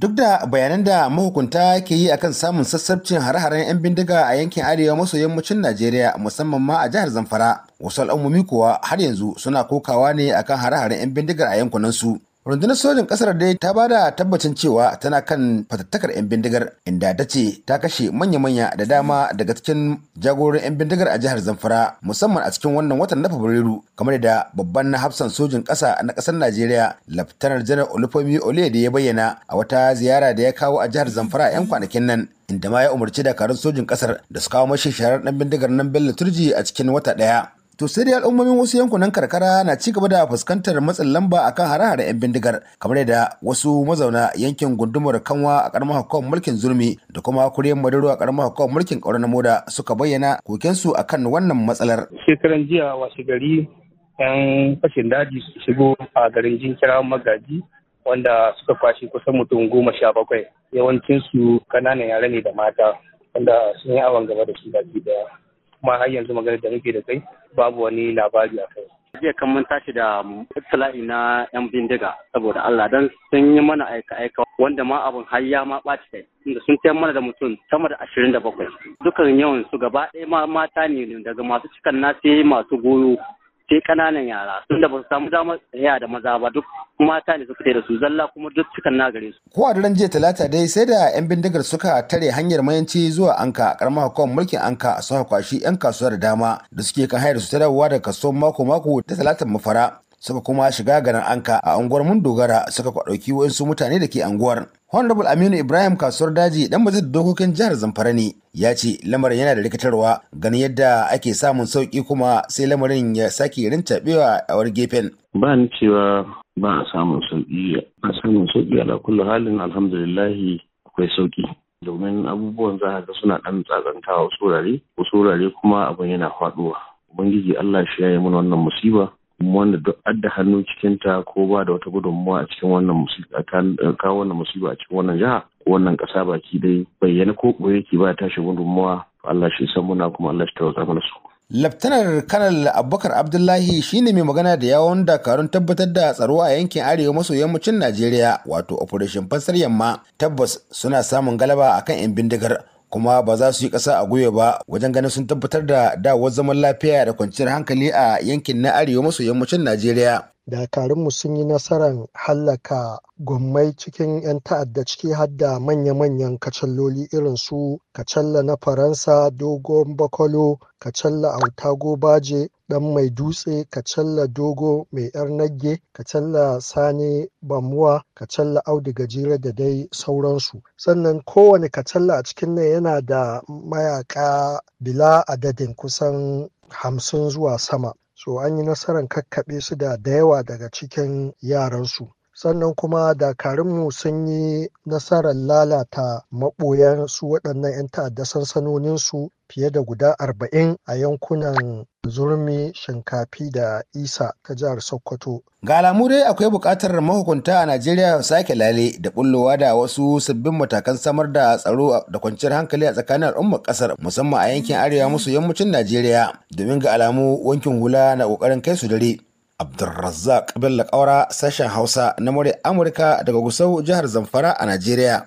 Duk da bayanan da mahukunta ke yi akan samun sassabcin hare-haren 'yan bindiga a yankin arewa maso yammacin Najeriya musamman ma a jihar Zamfara, wasu al'ummomi kuwa har yanzu suna kokawa ne akan hare-haren 'yan bindigar a yankunan su rundunar sojin kasar dai ta bada tabbacin cewa tana kan fatattakar 'yan bindigar inda ta ce ta kashe manya-manya da dama daga cikin jagororin 'yan bindigar a jihar zamfara musamman a cikin wannan watan na fabrairu kamar da babban na hafsan sojin kasa na kasar najeriya laftanar janar olufomi ole da ya bayyana a wata ziyara da ya kawo a jihar zamfara 'yan kwanakin nan inda ma ya umarci dakarun sojin kasar da su kawo mashi sharar dan bindigar nan bello turji a cikin wata ɗaya To sai dai al'ummomin wasu yankunan karkara na ci gaba da fuskantar matsin lamba akan hare-hare 'yan bindigar kamar yadda wasu mazauna yankin gundumar kanwa a karamar hukumar mulkin zurmi da kuma kuriyar madaro a karamar hukumar mulkin na moda suka bayyana kokensu akan wannan matsalar. Shekaran jiya washe gari 'yan fashin daji su shigo a garin jinkira magaji wanda suka kwashe kusan mutum goma sha bakwai yawancinsu kananan yare ne da mata wanda sun yi awon gaba da su da kuma har yanzu magana da nake da kai babu wani labari a kai jiya kan mun tashi da isla'i na yan bindiga saboda Allah dan sun yi mana aika aika wanda ma abin har ya ma ɓaci kai inda sun tayar mana da mutum sama da ashirin da bakwai dukan yawan su gaba ɗaya ma mata ne daga masu cikan na sai masu goyo sai kananan yara tunda ba su samu damar tsaya da maza ba duk mata ne suka da su zalla kuma duk cikan na gare su. Ko a daren jiya talata dai sai da 'yan bindigar suka tare hanyar mayanci zuwa anka karamar hukumar mulkin anka su kwashi 'yan kasuwa da dama da suke kan hayar su ta dawowa da kaso mako mako da talatin mafara. Suka kuma shiga garin anka a unguwar mun dogara suka ɗauki wasu mutane da ke unguwar. Honorable Aminu Ibrahim kasuwar daji dan da dokokin jihar Zamfara ne. ya ce lamarin yana da rikitarwa ganin yadda ake samun sauki kuma sai lamarin ya sake rintaɓewa a wani gefen. Ba ni cewa ba a samun sauƙi a samun sauƙi a kullu halin alhamdulillahi akwai sauƙi. Domin abubuwan za ga suna ɗan tsatsantawa wasu wurare, wasu wurare kuma abin yana faɗuwa. Ubangiji Allah shi ya yi mana wannan musiba wanda duk adda hannu cikinta ko ba da wata gudunmuwa a cikin wannan musiba a cikin wannan jiha wannan ƙasa baki dai bayyana ko ko yake ba tashi gudunmawa Allah shi san muna kuma Allah shi tawaza mana su. Laftanar Kanal Abubakar Abdullahi shine mai magana da yawon dakarun tabbatar da tsaro a yankin arewa maso yammacin Najeriya wato Operation Fasar Yamma tabbas suna samun galaba akan 'yan bindigar kuma ba za su yi ƙasa a gwiwa ba wajen ganin sun tabbatar da dawar zaman lafiya da kwanciyar hankali a yankin na arewa maso yammacin Najeriya. dakarunmu sun yi nasarar hallaka gwammai cikin 'yan ta'adda ciki har da manya-manyan kacalloli irin su kacalla na faransa dogon bakwalo kacalla autago baje dan mai dutse kacalla dogo mai yar nagge kacalla sani bamuwa kacalla audu gajira da dai sauransu sannan kowane kacalla a cikin nan yana da mayaka bila adadin kusan hamsin zuwa sama so an yi nasarar kakkaɓe su da da yawa daga cikin yaransu sannan kuma dakarunmu sun yi nasarar lalata maɓoyan su waɗannan 'yan ta'adda sansanoninsu fiye da guda arba'in a yankunan zurmi shinkafi da isa ta jihar sokoto ga alamu dai akwai buƙatar mahukunta a najeriya sake lale da bullowa da wasu sabbin matakan samar da tsaro da kwanciyar hankali a tsakanin al'ummar ƙasar musamman a yankin arewa musu yammacin najeriya domin ga alamu wankin hula na ƙoƙarin kai su dare Abdulrazak Bello Kaura sashen Hausa na Amurka daga Gusau jihar Zamfara a Najeriya.